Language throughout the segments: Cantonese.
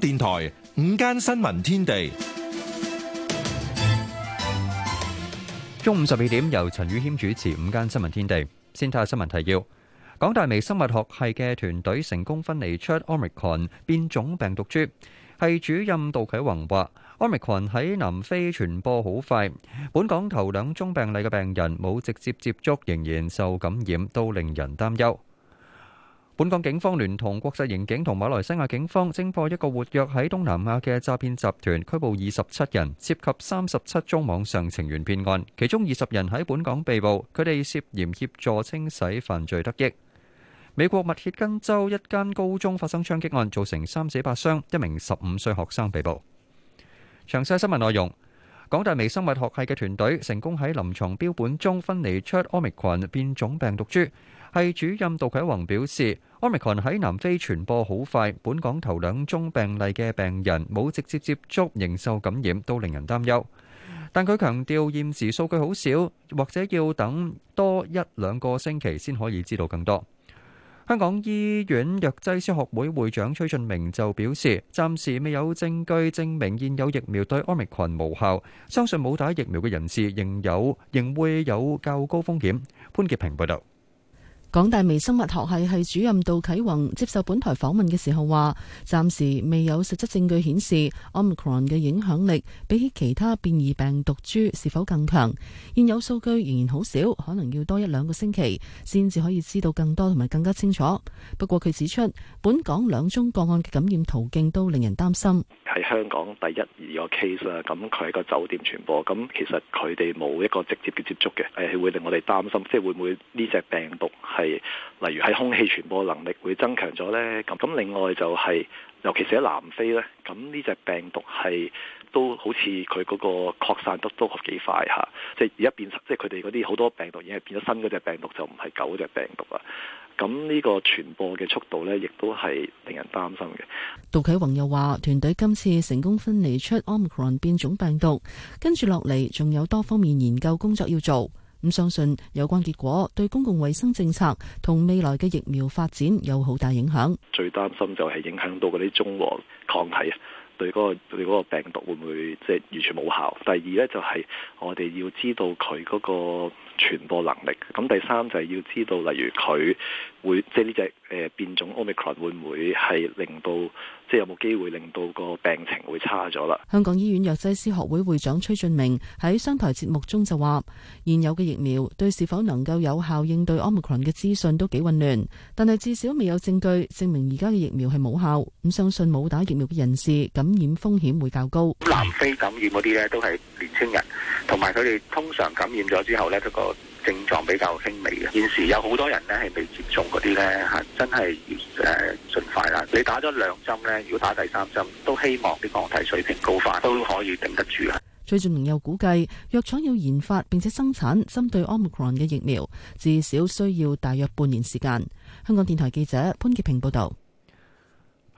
電台午間新聞天地，中午十二點，由陳宇謙主持《午間新聞天地》。先睇下新聞提要：港大微生物學系嘅團隊成功分離出 Omicron 變種病毒株。系主任杜啟宏話，Omicron 喺南非傳播好快，本港頭兩宗病例嘅病人冇直接接觸，仍然受感染，都令人擔憂。本港警方聯同國際刑警同馬來西亞警方偵破一個活躍喺東南亞嘅詐騙集團，拘捕二十七人，涉及三十七宗網上情緣騙案，其中二十人喺本港被捕，佢哋涉嫌協助清洗犯罪得益。美國密歇根州一間高中發生槍擊案，造成三死八傷，一名十五歲學生被捕。詳細新聞內容：港大微生物學系嘅團隊成功喺臨床標本中分離出奧密克戎變種病毒株。系主任杜啟宏表示，Omicron 喺南非傳播好快。本港頭兩宗病例嘅病人冇直接接觸，仍受感染都令人擔憂。但佢強調，現時數據好少，或者要等多一兩個星期先可以知道更多。香港醫院藥劑師學會會長崔俊明就表示，暫時未有證據證明現有疫苗對 Omicron 無效。相信冇打疫苗嘅人士，仍有仍會有較高風險。潘潔平報導。港大微生物學系系主任杜啟宏接受本台訪問嘅時候話，暫時未有實質證據顯示 omicron 嘅影響力比起其他變異病毒株是否更強。現有數據仍然好少，可能要多一兩個星期先至可以知道更多同埋更加清楚。不過佢指出，本港兩宗個案嘅感染途徑都令人擔心。喺香港第一二個 case 啦，咁佢係個酒店傳播，咁其實佢哋冇一個直接嘅接觸嘅，係會令我哋擔心，即係會唔會呢隻病毒係。例如喺空氣傳播能力會增強咗呢。咁咁另外就係，尤其是喺南非呢，咁呢隻病毒係都好似佢嗰個擴散得都幾快嚇，即係而家變，即係佢哋嗰啲好多病毒已經係變咗新嗰隻病毒，就唔係舊嗰隻病毒啦。咁呢個傳播嘅速度呢，亦都係令人擔心嘅。杜啟宏又話：團隊今次成功分離出 Omicron 變種病毒，跟住落嚟仲有多方面研究工作要做。咁相信有關結果對公共衛生政策同未來嘅疫苗發展有好大影響。最擔心就係影響到嗰啲中和抗體啊，對嗰個對個病毒會唔會即係完全冇效？第二咧就係我哋要知道佢嗰個傳播能力。咁第三就係要知道，例如佢會即係呢隻誒變種 Omicron 會唔會係令到？即係有冇機會令到個病情會差咗啦？香港醫院藥劑師學會會長崔俊明喺商台節目中就話：現有嘅疫苗對是否能夠有效應對 Omicron 嘅資訊都幾混亂，但係至少未有證據證明而家嘅疫苗係冇效。咁相信冇打疫苗嘅人士感染風險會較高。南非感染嗰啲呢都係年輕人，同埋佢哋通常感染咗之後呢，個症狀比較輕微嘅，現時有好多人咧係未接種嗰啲咧，嚇真係誒盡快啦！你打咗兩針咧，如果打第三針，都希望啲抗體水平高翻，都可以頂得住啦。最近又估計，藥廠要研發並且生產針對 Omicron 嘅疫苗，至少需要大約半年時間。香港電台記者潘潔平報道。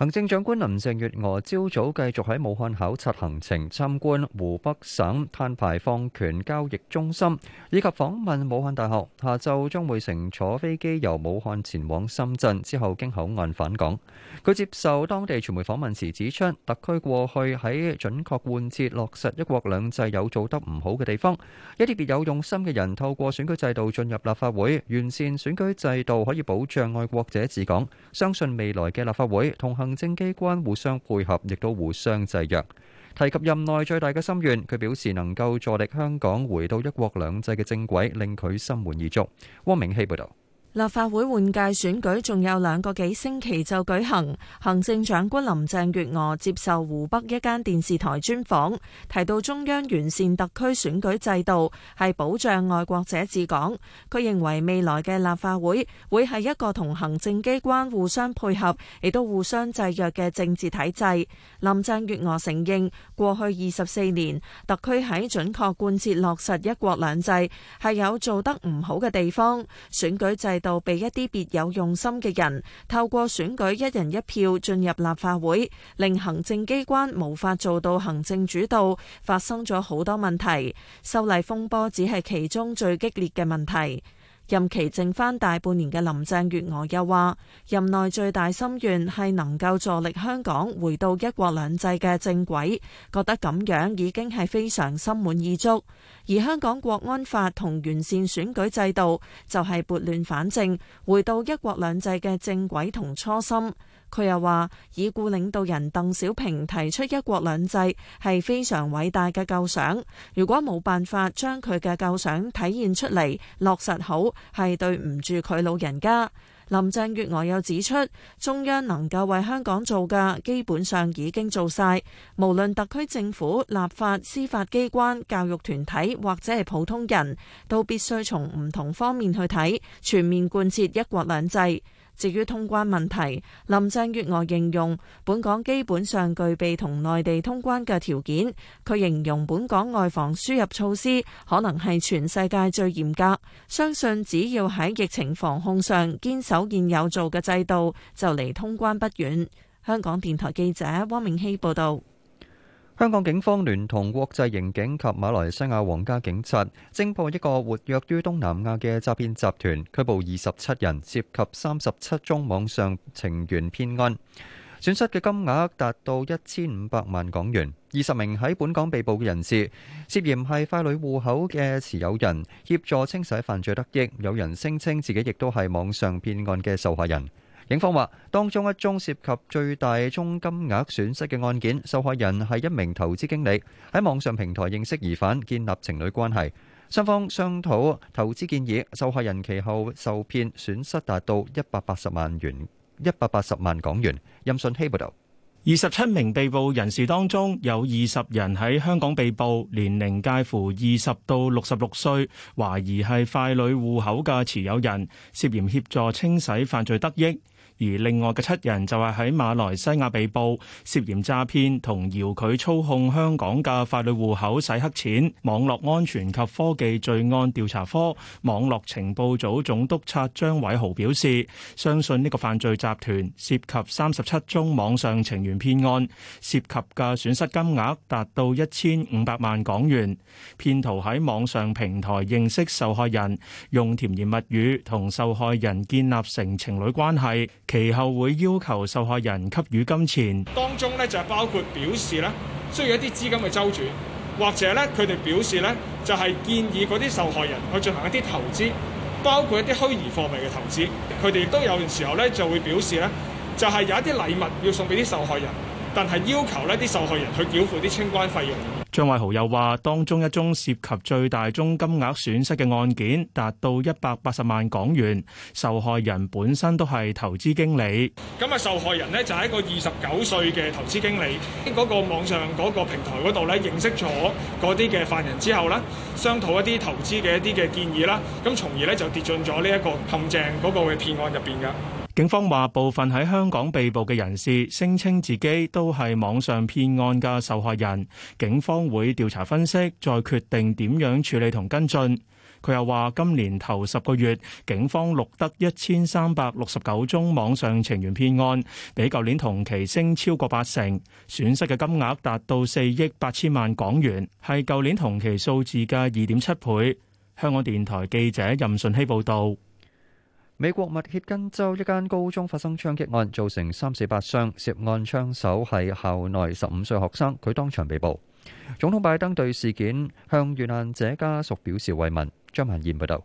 行政長官林鄭月娥朝早繼續喺武漢考察行程，參觀湖北省碳排放權交易中心，以及訪問武漢大學。下晝將會乘坐飛機由武漢前往深圳，之後經口岸返港。佢接受當地傳媒訪問時指出，特區過去喺準確貫徹落實一國兩制有做得唔好嘅地方，一啲別有用心嘅人透過選舉制度進入立法會，完善選舉制度可以保障愛國者治港。相信未來嘅立法會同行。行政機關互相配合，亦都互相制約。提及任內最大嘅心願，佢表示能夠助力香港回到一國兩制嘅正軌，令佢心滿意足。汪明希報道。立法會換屆選舉仲有兩個幾星期就舉行，行政長官林鄭月娥接受湖北一間電視台專訪，提到中央完善特區選舉制度係保障愛國者治港。佢認為未來嘅立法會會係一個同行政機關互相配合，亦都互相制約嘅政治體制。林鄭月娥承認過去二十四年特區喺準確貫徹落實一國兩制係有做得唔好嘅地方，選舉制度。就被一啲別有用心嘅人透過選舉一人一票進入立法會，令行政機關無法做到行政主導，發生咗好多問題，修例風波只係其中最激烈嘅問題。任期剩返大半年嘅林鄭月娥又話，任內最大心願係能夠助力香港回到一國兩制嘅正軌，覺得咁樣已經係非常心滿意足。而香港國安法同完善選舉制度就係撥亂反正，回到一國兩制嘅正軌同初心。佢又話：已故領導人鄧小平提出一國兩制係非常偉大嘅構想，如果冇辦法將佢嘅構想體現出嚟，落實好係對唔住佢老人家。林鄭月娥又指出，中央能夠為香港做嘅，基本上已經做晒。無論特區政府、立法、司法機關、教育團體或者係普通人，都必須從唔同方面去睇，全面貫徹一國兩制。至於通關問題，林鄭月娥形容本港基本上具備同內地通關嘅條件。佢形容本港外防輸入措施可能係全世界最嚴格，相信只要喺疫情防控上堅守現有做嘅制度，就離通關不遠。香港電台記者汪明熙報導。香港警方聯同國際刑警及馬來西亞皇家警察偵破一個活躍於東南亞嘅詐騙集團，拘捕二十七人，涉及三十七宗網上情緣騙案，損失嘅金額達到一千五百萬港元。二十名喺本港被捕嘅人士涉嫌係傀儡戶口嘅持有人，協助清洗犯罪得益，有人聲稱自己亦都係網上騙案嘅受害人。警方話，當中一宗涉及最大宗金額損失嘅案件，受害人係一名投資經理，喺網上平台認識疑犯，建立情侶關係，雙方商討投資建議。受害人其後受騙，損失達到一百八十萬元，一百八十萬港元。任信希報導。二十七名被捕人士當中有二十人喺香港被捕，年齡介乎二十到六十六歲，懷疑係傀儡戶口嘅持有人，涉嫌協助清洗犯罪得益。而另外嘅七人就係喺馬來西亞被捕，涉嫌詐騙同搖佢操控香港嘅法律戶口洗黑錢。網絡安全及科技罪案調查科網絡情報組總督察張偉豪表示，相信呢個犯罪集團涉及三十七宗網上情緣騙案，涉及嘅損失金額達到一千五百萬港元。騙徒喺網上平台認識受害人，用甜言蜜語同受害人建立成情侶關係。其後會要求受害人給予金錢，當中咧，就包括表示咧，需要一啲資金嘅周轉，或者咧，佢哋表示咧，就係建議嗰啲受害人去進行一啲投資，包括一啲虛擬貨幣嘅投資。佢哋亦都有時候咧，就會表示咧，就係有一啲禮物要送俾啲受害人，但係要求咧，啲受害人去繳付啲清關費用。張偉豪又話：當中一宗涉及最大宗金額損失嘅案件，達到一百八十萬港元。受害人本身都係投資經理。咁啊，受害人呢，就係一個二十九歲嘅投資經理。喺嗰個網上嗰個平台嗰度咧，認識咗嗰啲嘅犯人之後咧，商討一啲投資嘅一啲嘅建議啦，咁從而呢，就跌進咗呢一個陷阱嗰個嘅騙案入邊噶。警方話，部分喺香港被捕嘅人士聲稱自己都係網上騙案嘅受害人，警方會調查分析，再決定點樣處理同跟進。佢又話，今年頭十個月，警方錄得一千三百六十九宗網上情緣騙案，比舊年同期升超過八成，損失嘅金額達到四億八千萬港元，係舊年同期數字嘅二點七倍。香港電台記者任順希報道。美國密歇根州一間高中發生槍擊案，造成三死八傷，涉案槍手係校內十五歲學生，佢當場被捕。總統拜登對事件向遇難者家屬表示慰問。張曼燕報道。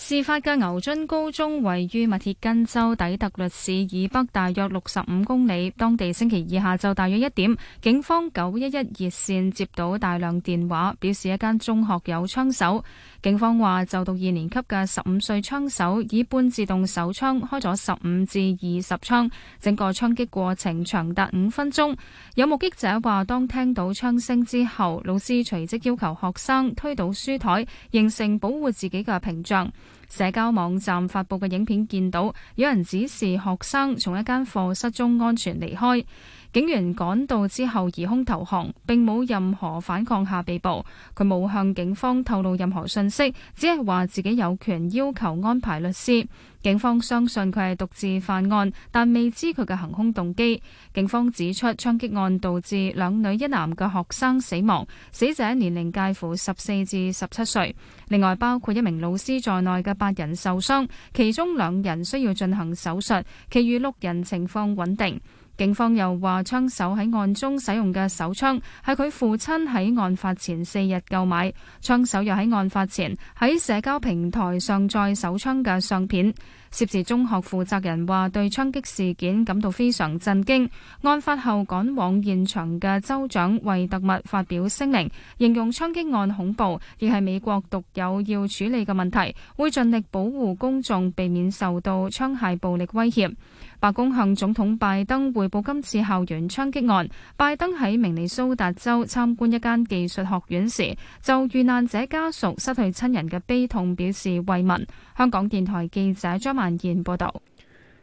事發嘅牛津高中位於密歇根州底特律市以北，大約六十五公里。當地星期二下晝大約一點，警方九一一熱線接到大量電話，表示一間中學有槍手。警方話，就讀二年級嘅十五歲槍手以半自動手槍開咗十五至二十槍，整個槍擊過程長達五分鐘。有目擊者話，當聽到槍聲之後，老師隨即要求學生推倒書枱，形成保護自己嘅屏障。社交網站發佈嘅影片，見到有人指示學生從一間課室中安全離開。警員趕到之後，疑兇投降，並冇任何反抗下被捕。佢冇向警方透露任何信息，只係話自己有權要求安排律師。警方相信佢係獨自犯案，但未知佢嘅行兇動機。警方指出，槍擊案導致兩女一男嘅學生死亡，死者年齡介乎十四至十七歲。另外，包括一名老師在內嘅八人受傷，其中兩人需要進行手術，其餘六人情況穩定。警方又話槍手喺案中使用嘅手槍係佢父親喺案發前四日購買，槍手又喺案發前喺社交平台上載手槍嘅相片。涉事中學負責人話對槍擊事件感到非常震驚。案發後趕往現場嘅州長惠特默發表聲明，形容槍擊案恐怖，亦係美國獨有要處理嘅問題，會盡力保護公眾，避免受到槍械暴力威脅。白宮向總統拜登匯報今次校園槍擊案。拜登喺明尼蘇達州參觀一間技術學院時，就遇難者家屬失去親人嘅悲痛表示慰問。香港電台記者張曼燕報道。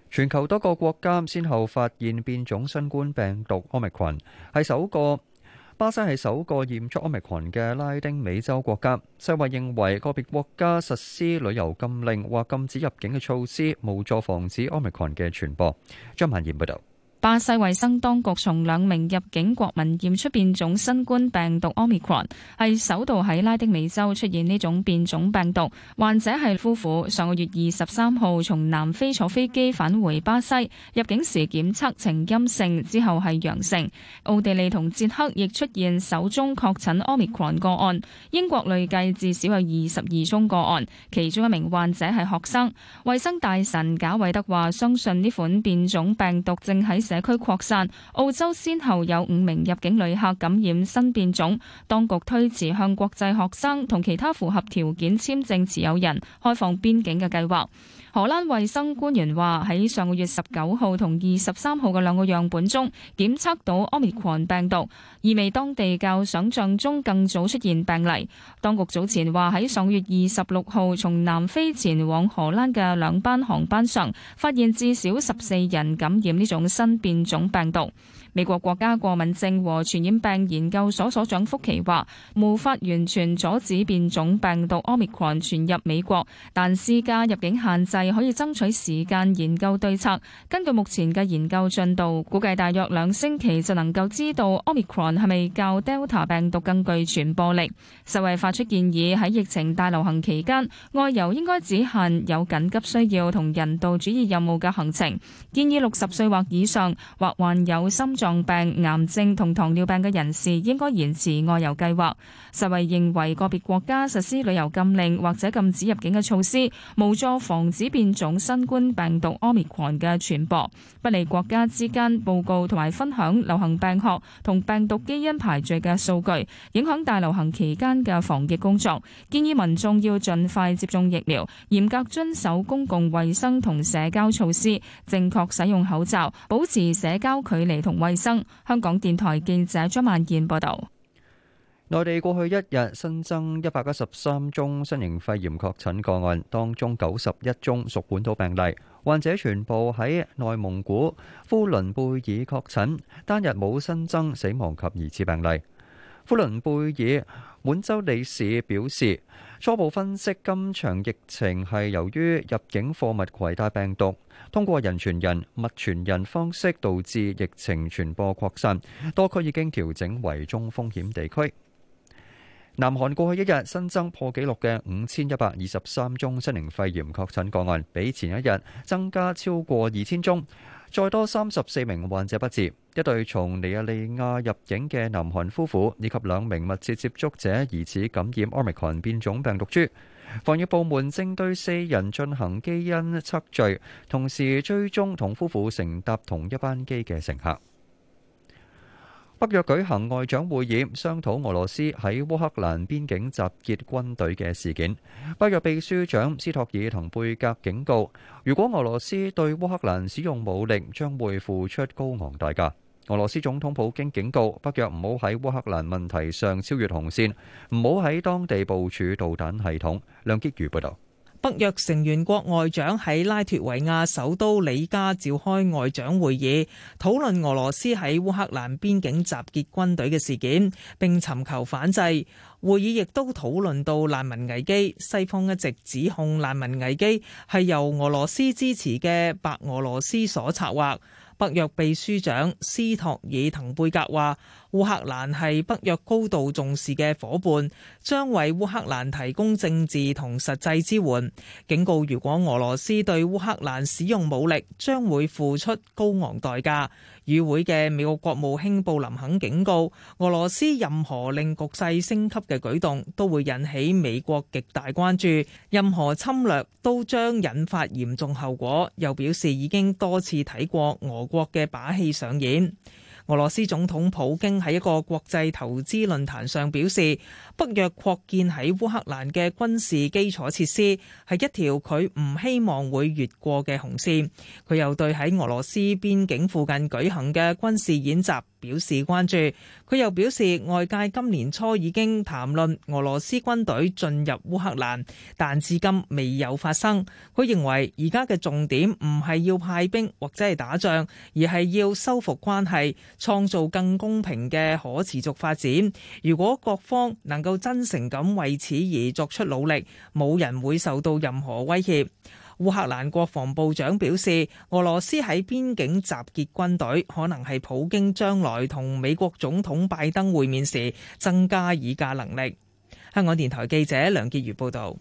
全球多個國家先後發現變種新冠病毒 Omicron，係首個。巴西係首個驗出奧密克戎嘅拉丁美洲國家。世衛認為個別國家實施旅遊禁令或禁止入境嘅措施，無助防止奧密克戎嘅傳播。張曼賢報導。巴西衛生當局從兩名入境國民驗出變種新冠病毒 Omicron，係首度喺拉丁美洲出現呢種變種病毒。患者係夫婦，上個月二十三號從南非坐飛機返回巴西，入境時檢測呈陰性，之後係陽性。奧地利同捷克亦出現首宗確診 Omicron 個案，英國累計至少有二十二宗個案，其中一名患者係學生。衛生大臣賈偉德話：相信呢款變種病毒正喺社區擴散，澳洲先後有五名入境旅客感染新變種，當局推遲向國際學生同其他符合條件簽證持有人開放邊境嘅計劃。荷蘭衛生官員話：喺上個月十九號同二十三號嘅兩個樣本中，檢測到 Omicron 病毒，意味當地較想像中更早出現病例。當局早前話喺上個月二十六號從南非前往荷蘭嘅兩班航班上，發現至少十四人感染呢種新變種病毒。美國國家過敏症和傳染病研究所所長福奇話，無法完全阻止變種病毒 Omicron 傳入美國，但施加入境限制可以爭取時間研究對策。根據目前嘅研究進度，估計大約兩星期就能夠知道 Omicron 係咪較 Delta 病毒更具傳播力。世衛發出建議，喺疫情大流行期間，外遊應該只限有緊急需要同人道主義任務嘅行程。建議六十歲或以上或患有心臟。重病、癌症同糖尿病嘅人士應該延遲外遊計劃，世衛認為個別國家實施旅遊禁令或者禁止入境嘅措施，無助防止變種新冠病毒 Omicron 嘅傳播，不利國家之間報告同埋分享流行病學同病毒基因排序嘅數據，影響大流行期間嘅防疫工作。建議民眾要盡快接種疫苗，嚴格遵守公共衛生同社交措施，正確使用口罩，保持社交距離同衛生香港電台記者張曼燕報道。內地過去一日新增一百九十三宗新型肺炎確診個案，當中九十一宗屬本土病例，患者全部喺內蒙古呼倫貝爾確診，單日冇新增死亡及疑似病例。呼倫貝爾滿洲里市表示。初步分析，今場疫情係由於入境貨物攜帶病毒，通過人傳人、物傳人方式導致疫情傳播擴散。多區已經調整為中風險地區。南韓過去一日新增破紀錄嘅五千一百二十三宗新型肺炎確診個案，比前一日增加超過二千宗，再多三十四名患者不治。一對從尼日利亞入境嘅南韓夫婦以及兩名密切接觸者，疑似感染奧密克戎變種病毒株。防疫部門正對四人進行基因測序，同時追蹤同夫婦乘搭同一班機嘅乘客。北約舉行外長會議，商討俄羅斯喺烏克蘭邊境集結軍隊嘅事件。北約秘書長斯托爾滕貝格警告，如果俄羅斯對烏克蘭使用武力，將會付出高昂代價。俄羅斯總統普京警告北約，唔好喺烏克蘭問題上超越紅線，唔好喺當地部署導彈系統。梁啟如報導，北約成員國外長喺拉脱維亞首都里加召開外長會議，討論俄羅斯喺烏克蘭邊境集結軍隊嘅事件，並尋求反制。會議亦都討論到難民危機，西方一直指控難民危機係由俄羅斯支持嘅白俄羅斯所策劃。北約秘書長斯托爾滕貝格話：烏克蘭係北約高度重視嘅夥伴，將為烏克蘭提供政治同實際支援。警告：如果俄羅斯對烏克蘭使用武力，將會付出高昂代價。與會嘅美國國務卿布林肯警告，俄羅斯任何令局勢升級嘅舉動都會引起美國極大關注，任何侵略都將引發嚴重後果。又表示已經多次睇過俄國嘅把戲上演。俄羅斯總統普京喺一個國際投資論壇上表示，北約擴建喺烏克蘭嘅軍事基礎設施係一條佢唔希望會越過嘅紅線。佢又對喺俄羅斯邊境附近舉行嘅軍事演習表示關注。佢又表示，外界今年初已經談論俄羅斯軍隊進入烏克蘭，但至今未有發生。佢認為而家嘅重點唔係要派兵或者係打仗，而係要修復關係。創造更公平嘅可持續發展。如果各方能夠真誠咁為此而作出努力，冇人會受到任何威脅。烏克蘭國防部長表示，俄羅斯喺邊境集結軍隊，可能係普京將來同美國總統拜登會面時增加議價能力。香港電台記者梁潔如報導。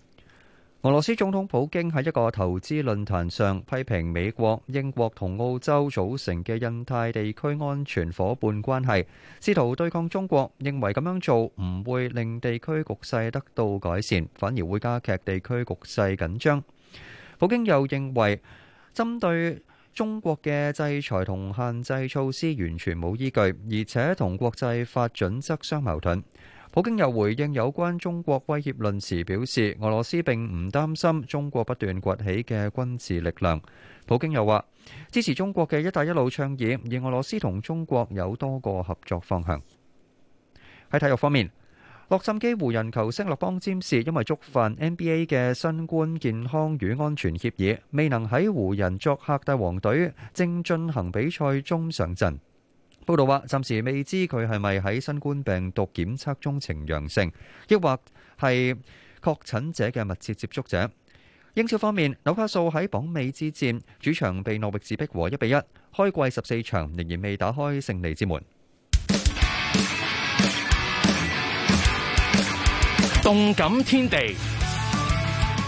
俄羅斯總統普京喺一個投資論壇上批評美國、英國同澳洲組成嘅印太地區安全夥伴關係，試圖對抗中國，認為咁樣做唔會令地區局勢得到改善，反而會加劇地區局勢緊張。普京又認為，針對中國嘅制裁同限制措施完全冇依據，而且同國際法準則相矛盾。普京又回應有關中國威脅論時表示，俄羅斯並唔擔心中國不斷崛起嘅軍事力量。普京又話支持中國嘅“一帶一路”倡議，而俄羅斯同中國有多個合作方向。喺體育方面，洛杉磯湖人球星勒邦詹士因為觸犯 NBA 嘅新冠健康與安全協議，未能喺湖人作客帝王隊正進行比賽中上陣。報道話，暫時未知佢係咪喺新冠病毒檢測中呈陽性，抑或係確診者嘅密切接觸者。英超方面，紐卡素喺榜尾之戰，主場被諾域治逼和一比一。開季十四場，仍然未打開勝利之門。動感天地！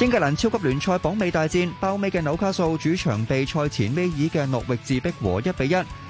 英格蘭超級聯賽榜尾大戰，包尾嘅紐卡素主場被賽前尾二嘅諾域治逼和一比一。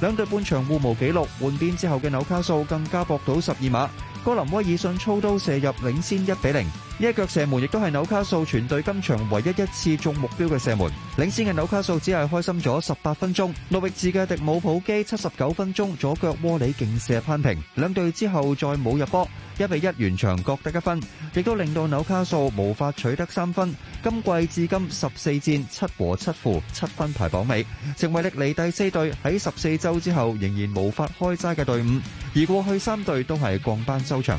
兩隊半場互無紀錄，換邊之後嘅紐卡素更加博到十二碼，高林威爾遜操刀射入，領先一比零。一腳射門，亦都係紐卡素全隊今場唯一一次中目標嘅射門。領先嘅紐卡素只係開心咗十八分鐘。諾域治嘅迪姆普基七十九分鐘左腳窩裏勁射扳平，兩隊之後再冇入波，一比一完場各得一分，亦都令到紐卡素無法取得三分。今季至今十四戰七和七負，七分排榜尾，成為歷嚟第四隊喺十四週之後仍然無法開齋嘅隊伍。而過去三隊都係降班收場。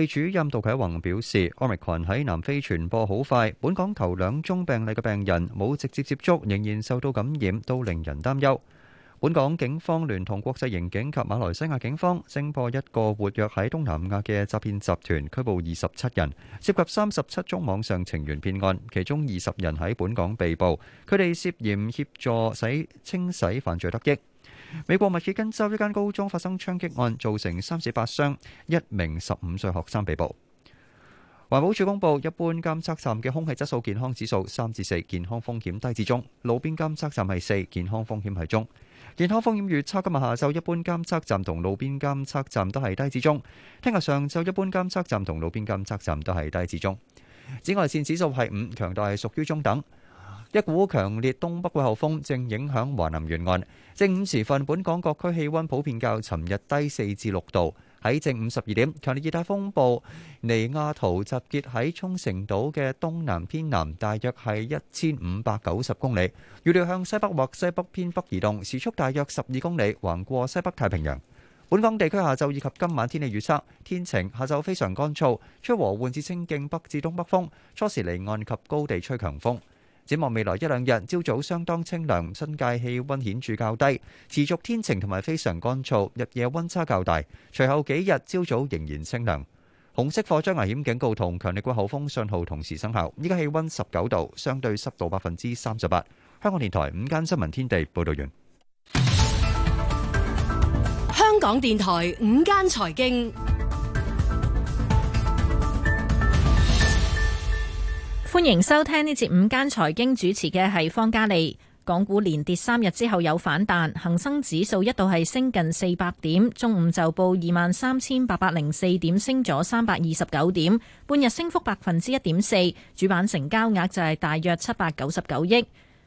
系主任杜啟宏表示，Omicron 喺南非傳播好快，本港頭兩宗病例嘅病人冇直接接觸，仍然受到感染，都令人擔憂。本港警方聯同國際刑警及馬來西亞警方，偵破一個活躍喺東南亞嘅詐騙集團，拘捕二十七人，涉及三十七宗網上情緣騙案，其中二十人喺本港被捕，佢哋涉嫌協助使清洗犯罪得益。美國密歇根州一間高中發生槍擊案，造成三死八傷，一名十五歲學生被捕。環保署公布，一般監測站嘅空氣質素健康指數三至四，健康風險低至中；路邊監測站係四，健康風險係中。健康風險預測今日下晝一般監測站同路邊監測站都係低至中，聽日上晝一般監測站同路邊監測站都係低至中。紫外線指數係五，強度係屬於中等。一股強烈東北季候風正影響華南沿岸。正午時分，本港各區氣温普遍較尋日低四至六度。喺正午十二點，強烈熱帶風暴尼亞圖集結喺沖繩島嘅東南偏南，大約係一千五百九十公里。預料向西北或西北偏北移動，時速大約十二公里，橫過西北太平洋。本港地區下晝以及今晚天氣預測，天晴，下晝非常乾燥，吹和緩至清勁北至東北風，初時離岸及高地吹強風。展望未來一兩日，朝早相當清涼，新界氣溫顯著較低，持續天晴同埋非常乾燥，日夜溫差較大。隨後幾日朝早仍然清涼。紅色火災危險警告同強烈季候風信號同時生效。依家氣溫十九度，相對濕度百分之三十八。香港電台午間新聞天地報道完。香港電台午間財經。歡迎收聽呢節午間財經，主持嘅係方嘉利。港股連跌三日之後有反彈，恒生指數一度係升近四百點，中午就報二萬三千八百零四點，升咗三百二十九點，半日升幅百分之一點四。主板成交額就係大約七百九十九億。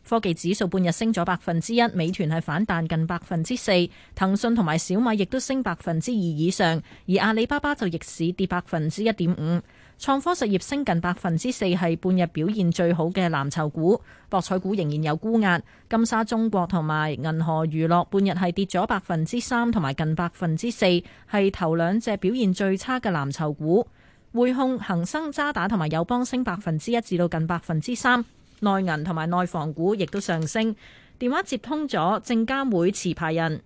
科技指數半日升咗百分之一，美團係反彈近百分之四，騰訊同埋小米亦都升百分之二以上，而阿里巴巴就逆市跌百分之一點五。創科實業升近百分之四，係半日表現最好嘅藍籌股。博彩股仍然有沽壓，金沙中國同埋銀河娛樂半日係跌咗百分之三，同埋近百分之四，係頭兩隻表現最差嘅藍籌股。匯控、恒生渣打同埋友邦升百分之一至到近百分之三。內銀同埋內房股亦都上升。電話接通咗，證監會持牌人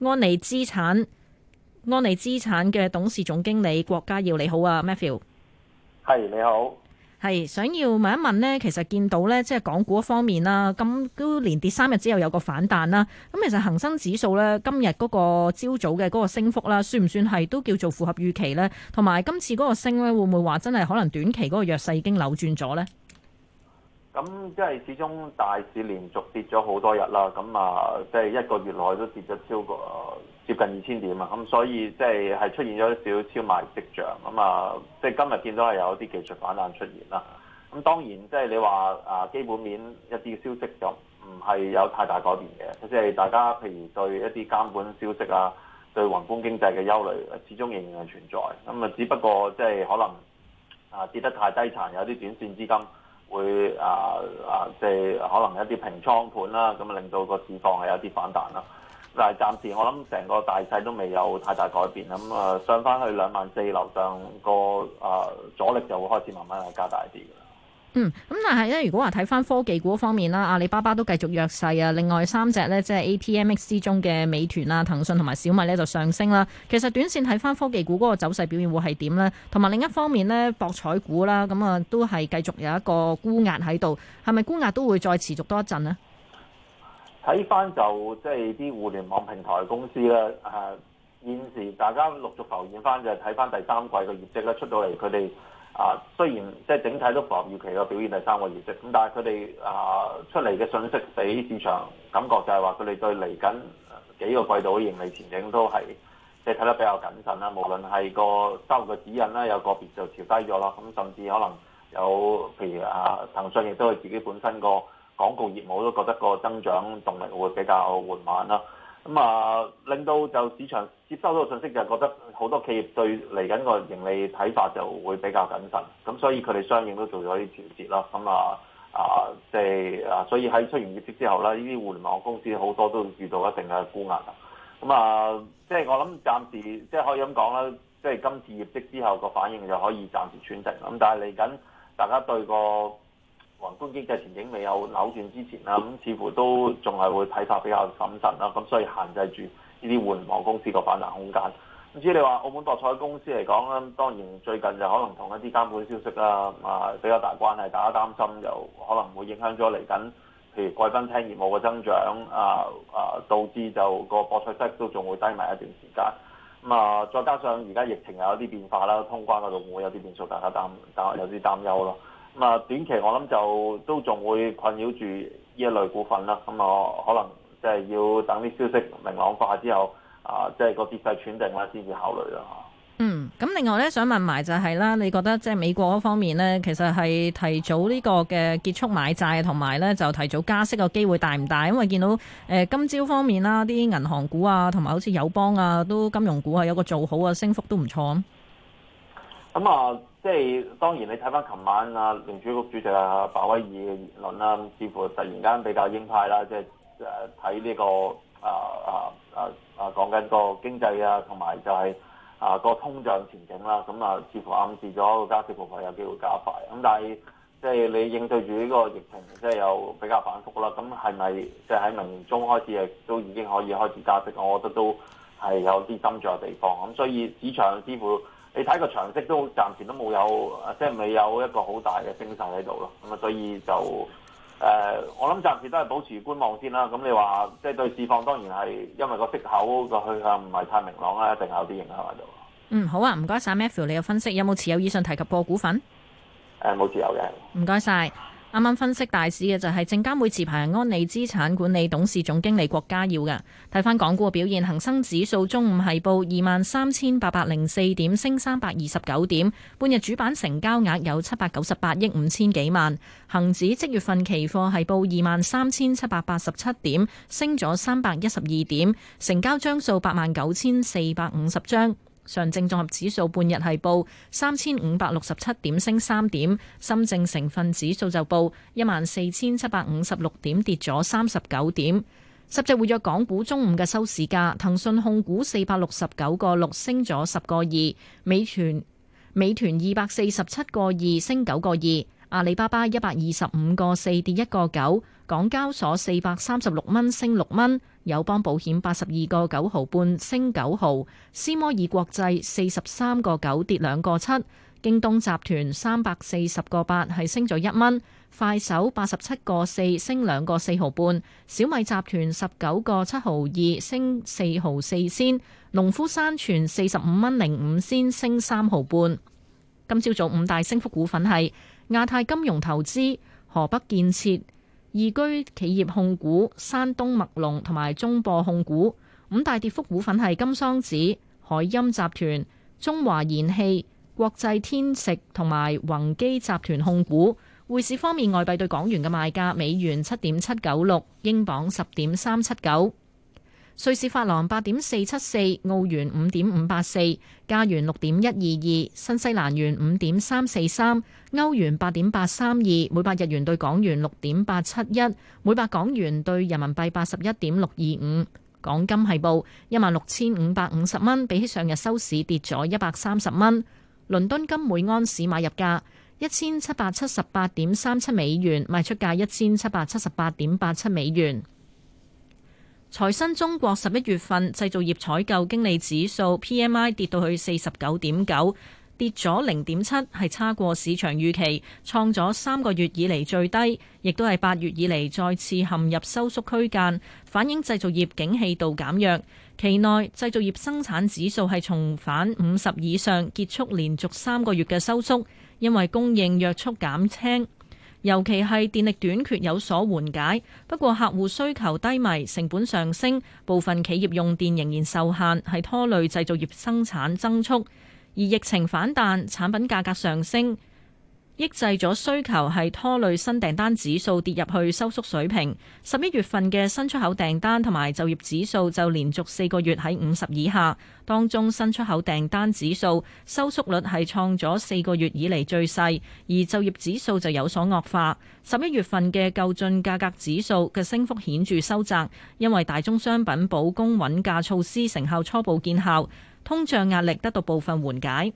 安利資產安利資產嘅董事總經理郭家耀，你好啊，Matthew。係你好，係想要問一問呢。其實見到呢，即係港股嗰方面啦，咁都連跌三日之後有個反彈啦。咁其實恒生指數呢，今日嗰個朝早嘅嗰個升幅啦，算唔算係都叫做符合預期呢？同埋今次嗰個升呢，會唔會話真係可能短期嗰個弱勢已經扭轉咗呢？咁即係始終大市連續跌咗好多日啦，咁啊即係一個月內都跌咗超過、呃、接近二千點啊，咁、嗯、所以即係係出現咗少少超賣跡象，咁、嗯、啊即係今日見到係有啲技術反彈出現啦。咁、嗯、當然即係你話啊、呃，基本面一啲消息就唔係有太大改變嘅，即係大家譬如對一啲監管消息啊，對宏觀經濟嘅憂慮，始終仍然係存在。咁、嗯、啊，只不過即係可能啊跌得太低殘，有啲短線資金。會啊啊，即係可能一啲平倉盤啦，咁啊令到個市況係有啲反彈啦。但係暫時我諗成個大勢都未有太大改變。咁啊上翻去兩萬四樓上個啊阻力就會開始慢慢係加大啲。嗯，咁但係咧，如果話睇翻科技股方面啦，阿里巴巴都繼續弱勢啊。另外三隻咧，即係 A T M X 中嘅美團啊、騰訊同埋小米咧就上升啦。其實短線睇翻科技股嗰個走勢表現會係點咧？同埋另一方面咧，博彩股啦，咁啊都係繼續有一個沽壓喺度，係咪沽壓都會再持續多一陣呢？睇翻就即係啲互聯網平台公司啦，啊，現時大家陸續浮現翻就係睇翻第三季嘅業績咧出到嚟，佢哋。啊，雖然即係整體都符合預期嘅表現係三個業績，咁但係佢哋啊出嚟嘅信息俾市場感覺就係話佢哋對嚟緊幾個季度嘅盈利前景都係即係睇得比較謹慎啦。無論係個收入嘅指引啦，有個別就調低咗咯。咁甚至可能有譬如啊，騰訊亦都係自己本身個廣告業務都覺得個增長動力會比較緩慢啦。咁啊，令到就市場接收到嘅信息就覺得好多企業對嚟緊個盈利睇法就會比較謹慎，咁所以佢哋相應都做咗啲調節啦。咁啊啊，即係啊，所以喺出完業績之後咧，呢啲互聯網公司好多都遇到一定嘅沽壓。咁啊，即係我諗暫時即係可以咁講啦，即係今次業績之後個反應就可以暫時喘息。咁但係嚟緊大家對個宏觀經濟前景未有扭轉之前啦，咁似乎都仲係會睇法比較謹慎啦，咁所以限制住呢啲互聯網公司個反彈空間。唔知你話澳門博彩公司嚟講啦，當然最近就可能同一啲監管消息啦啊，比較大關係，大家擔心又可能會影響咗嚟緊，譬如貴賓廳業務嘅增長啊啊，導致就個博彩息都仲會低迷一段時間。咁、嗯、啊，再加上而家疫情又有啲變化啦，通關嗰度會唔會有啲變數？大家擔擔有啲擔憂咯。啊，短期我諗就都仲會困擾住呢一類股份啦。咁我可能即係要等啲消息明朗化之後，啊，即係個跌勢斷定啦，先至考慮啦。嗯，咁另外咧，想問埋就係啦，你覺得即係美國方面呢，其實係提早呢個嘅結束買債，同埋咧就提早加息嘅機會大唔大？因為見到誒今朝方面啦，啲銀行股啊，同埋好似友邦啊，都金融股啊，有個做好啊，升幅都唔錯。咁啊。嗯啊即係當然，你睇翻琴晚啊聯儲局主席啊鮑威爾嘅言論啦，似乎突然間比較鷹派啦，即係誒睇呢個啊啊啊啊講緊個經濟、就是、啊，同埋就係啊個通脹前景啦，咁、嗯、啊似乎暗示咗加息步伐有機會加快。咁、嗯、但係即係你應對住呢個疫情，即係有比較反覆啦。咁係咪即係喺明年中開始係都已經可以開始加息？我覺得都係有啲斟酌嘅地方。咁、嗯、所以市場似乎。你睇個長息都暫時都冇有，即係未有一個好大嘅升勢喺度咯。咁啊，所以就誒、呃，我諗暫時都係保持觀望先啦。咁你話即係對市況，當然係因為個息口個去向唔係太明朗啦，一定係有啲影響喺度。嗯，好啊，唔該晒。Matthew 你嘅分析有冇持有以上提及過股份？誒、呃，冇持有嘅。唔該晒。啱啱分析大市嘅就係證監會持牌人安利資產管理董事總經理郭家耀嘅。睇翻港股嘅表現，恒生指數中午係報二萬三千八百零四點，升三百二十九點，半日主板成交額有七百九十八億五千幾萬。恒指即月份期貨係報二萬三千七百八十七點，升咗三百一十二點，成交張數八萬九千四百五十張。上證綜合指數半日係報三千五百六十七點，升三點；深證成分指數就報一萬四千七百五十六點，跌咗三十九點。十隻活躍港股中午嘅收市價，騰訊控股四百六十九個六，升咗十個二；美團美團二百四十七個二，升九個二；阿里巴巴一百二十五個四，跌一個九；港交所四百三十六蚊，升六蚊。友邦保險八十二個九毫半升九毫，斯摩爾國際四十三個九跌兩個七，京東集團三百四十個八係升咗一蚊，快手八十七個四升兩個四毫半，小米集團十九個七毫二升四毫四先，農夫山泉四十五蚊零五先升三毫半。今朝早五大升幅股份係亞太金融投資、河北建設。易居企業控股、山東麥隆同埋中博控股，五大跌幅股份係金桑子、海音集團、中華燃氣、國際天食同埋宏基集團控股。匯市方面，外幣對港元嘅賣價：美元七點七九六，英鎊十點三七九。瑞士法郎八點四七四，澳元五點五八四，加元六點一二二，新西蘭元五點三四三，歐元八點八三二，每百日元對港元六點八七一，每百港元對人民幣八十一點六二五。港金係報一萬六千五百五十蚊，比起上日收市跌咗一百三十蚊。倫敦金每安士買入價一千七百七十八點三七美元，賣出價一千七百七十八點八七美元。財新中國十一月份製造業採購經理指數 PMI 跌到去四十九點九，跌咗零點七，係差過市場預期，創咗三個月以嚟最低，亦都係八月以嚟再次陷入收縮區間，反映製造業景氣度減弱。期內製造業生產指數係重返五十以上，結束連續三個月嘅收縮，因為供應約束減輕。尤其係電力短缺有所緩解，不過客戶需求低迷、成本上升，部分企業用電仍然受限，係拖累製造業生產增速。而疫情反彈，產品價格上升。抑制咗需求係拖累新訂單指數跌入去收縮水平。十一月份嘅新出口訂單同埋就業指數就連續四個月喺五十以下，當中新出口訂單指數收縮率係創咗四個月以嚟最細，而就業指數就有所惡化。十一月份嘅購進價格指數嘅升幅顯著收窄，因為大宗商品保供穩價措施成效初步見效，通脹壓力得到部分緩解。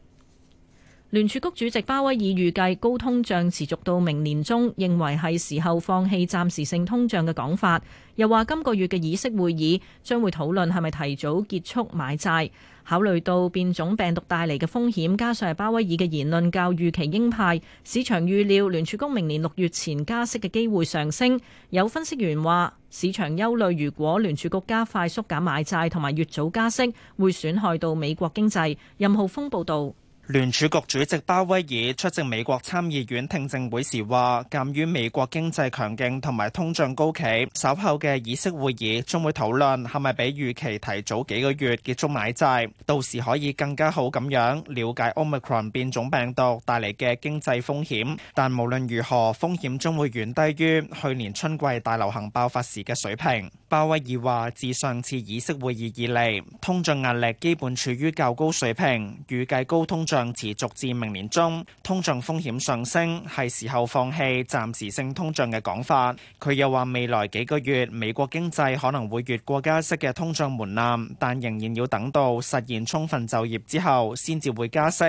聯儲局主席鮑威爾預計高通脹持續到明年中，認為係時候放棄暫時性通脹嘅講法。又話今個月嘅議息會議將會討論係咪提早結束買債。考慮到變種病毒帶嚟嘅風險，加上係鮑威爾嘅言論較預期鷹派，市場預料聯儲局明年六月前加息嘅機會上升。有分析員話，市場憂慮如果聯儲局加快縮減買債同埋越早加息，會損害到美國經濟。任浩峰報道。聯儲局主席鮑威爾出席美國參議院聽證會時話，鑑於美國經濟強勁同埋通脹高企，稍後嘅議息會議將會討論係咪比預期提早幾個月結束買債，到時可以更加好咁樣了解 Omicron 變種病毒帶嚟嘅經濟風險。但無論如何，風險將會遠低於去年春季大流行爆發時嘅水平。鮑威爾話，自上次議息會議以嚟，通脹壓力基本處於較高水平，預計高通脹上持續至明年中，通脹風險上升，係時候放棄暫時性通脹嘅講法。佢又話未來幾個月美國經濟可能會越過加息嘅通脹門檻，但仍然要等到實現充分就業之後先至會加息。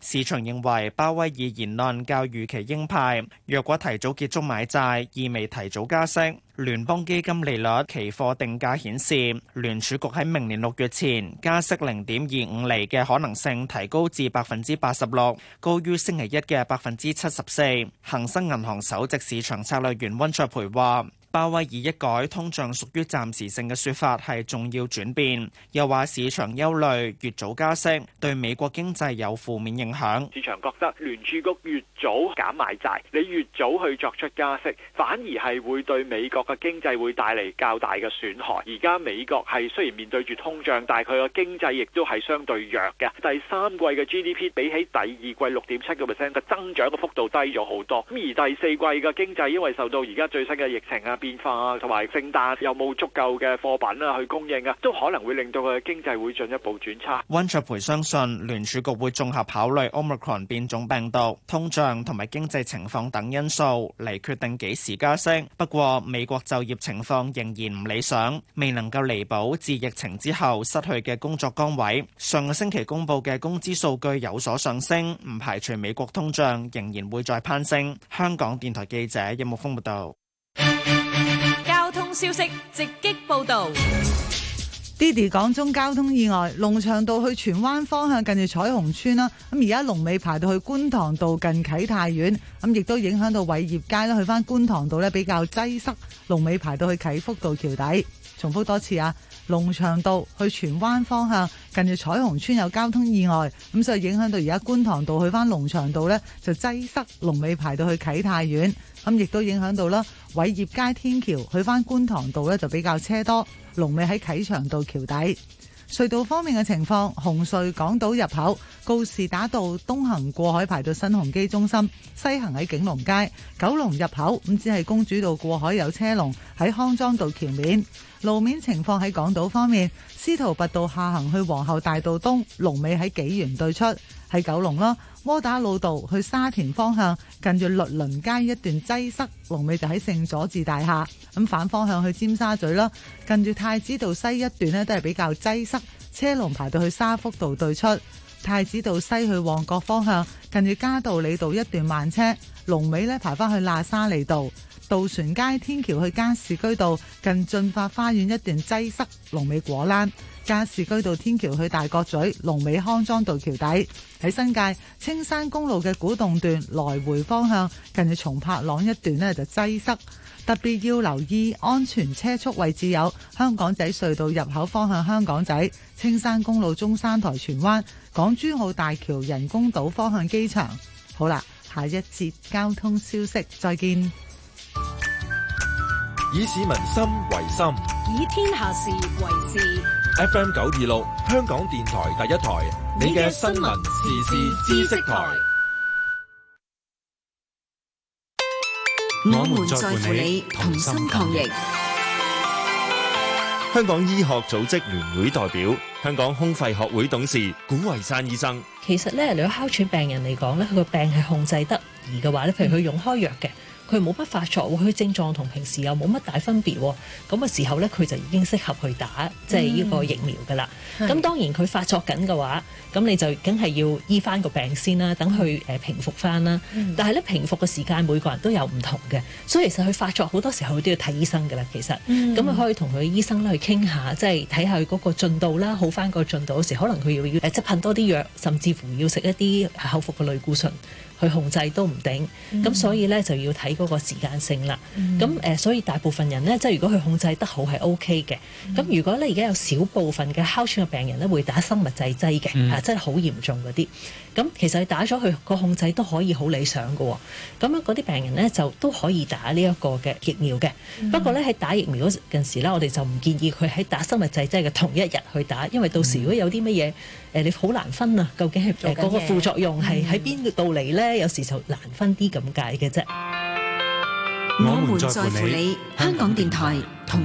市場認為鮑威爾言論較預期鷹派，若果提早結束買債，意味提早加息。聯邦基金利率期貨定價顯示，聯儲局喺明年六月前加息零點二五厘嘅可能性提高至百分之八十六，高於星期一嘅百分之七十四。恒生銀行首席市場策略員温卓培話。鮑威爾一改通脹屬於暫時性嘅說法係重要轉變，又話市場憂慮越早加息對美國經濟有負面影響。市場覺得聯儲局越早減買債，你越早去作出加息，反而係會對美國嘅經濟會帶嚟較大嘅損害。而家美國係雖然面對住通脹，但係佢個經濟亦都係相對弱嘅。第三季嘅 GDP 比起第二季六點七個 percent 嘅增長嘅幅度低咗好多。咁而第四季嘅經濟因為受到而家最新嘅疫情啊。變化啊，同埋聖誕有冇足夠嘅貨品啊，去供應啊，都可能會令到佢經濟會進一步轉差。溫卓培相信聯儲局會綜合考慮 Omicron 變種病毒、通脹同埋經濟情況等因素嚟決定幾時加息。不過美國就業情況仍然唔理想，未能夠彌補自疫情之後失去嘅工作崗位。上個星期公佈嘅工資數據有所上升，唔排除美國通脹仍然會再攀升。香港電台記者任木峯報道。消息直擊報道，d i d y 講中交通意外，龍翔道去荃灣方向近住彩虹村啦。咁而家龍尾排到去觀塘道近啟泰苑，咁亦都影響到偉業街啦。去翻觀塘道呢比較擠塞，龍尾排到去啟福道橋底。重複多次啊，龍翔道去荃灣方向近住彩虹村有交通意外，咁所以影響到而家觀塘道去翻龍翔道呢就擠塞，龍尾排到去啟泰苑。咁亦都影響到啦，偉業街天橋去返觀塘道呢，就比較車多，龍尾喺啟祥道橋底。隧道方面嘅情況，紅隧港島入口告士打道東行過海排到新鴻基中心，西行喺景隆街，九龍入口，咁只係公主道過海有車龍，喺康莊道橋面。路面情況喺港島方面，司徒拔道下行去皇后大道東，龍尾喺紀元對出，喺九龍咯。摩打路道去沙田方向，近住律倫街一段擠塞，龍尾就喺聖佐治大廈。咁反方向去尖沙咀咯，近住太子道西一段呢都係比較擠塞，車龍排到去沙福道對出。太子道西去旺角方向，近住嘉道理道一段慢車，龍尾呢排返去喇沙利道。渡船街天橋去加士居道近駿發花園一段擠塞，龍尾果欄；加士居道天橋去大角咀龍尾康莊道橋底。喺新界青山公路嘅古洞段來回方向近住松柏塱一段呢就擠塞，特別要留意安全車速位置有香港仔隧道入口方向香港仔、青山公路中山台荃灣港珠澳大橋人工島方向機場。好啦，下一節交通消息再見。以市民心為心，以天下事為事。FM 九二六，香港電台第一台，你嘅新聞時事，時事知識台。我們在乎你同心抗疫。抗疫香港醫學組織聯會代表、香港胸肺學會董事古維山醫生，其實咧，如果哮喘病人嚟講咧，佢個病係控制得宜嘅話咧，譬如佢用開藥嘅。佢冇乜發作，佢症狀同平時又冇乜大分別，咁嘅時候呢，佢就已經適合去打即係呢個疫苗噶啦。咁、嗯、當然佢發作緊嘅話，咁你就梗係要醫翻個病先啦，等佢誒平復翻啦。嗯、但係咧平復嘅時間每個人都有唔同嘅，所以其實佢發作好多時候佢都要睇醫生噶啦。其實咁佢、嗯、可以同佢醫生去傾下，即係睇下佢嗰個進度啦，好翻個進度嗰時候，可能佢要要即係噴多啲藥，甚至乎要食一啲口服嘅類固醇。去控制都唔定，咁、嗯、所以呢，就要睇嗰個時間性啦。咁誒、嗯呃，所以大部分人呢，即係如果佢控制得好係 OK 嘅。咁、嗯、如果呢，而家有少部分嘅哮喘嘅病人呢，會打生物製劑嘅，嗯、啊，真係好嚴重嗰啲。咁其實打咗佢個控制都可以好理想嘅、哦。咁啊，嗰啲病人呢，就都可以打呢一個嘅疫苗嘅。嗯、不過呢，喺打疫苗嗰陣時呢，我哋就唔建議佢喺打生物製劑嘅同一日去打，因為到時如果有啲乜嘢。哎、你好難分啊，究竟係誒嗰個副作用係喺邊度嚟咧？嗯、有時候就難分啲咁解嘅啫。我們在護理香港電台同。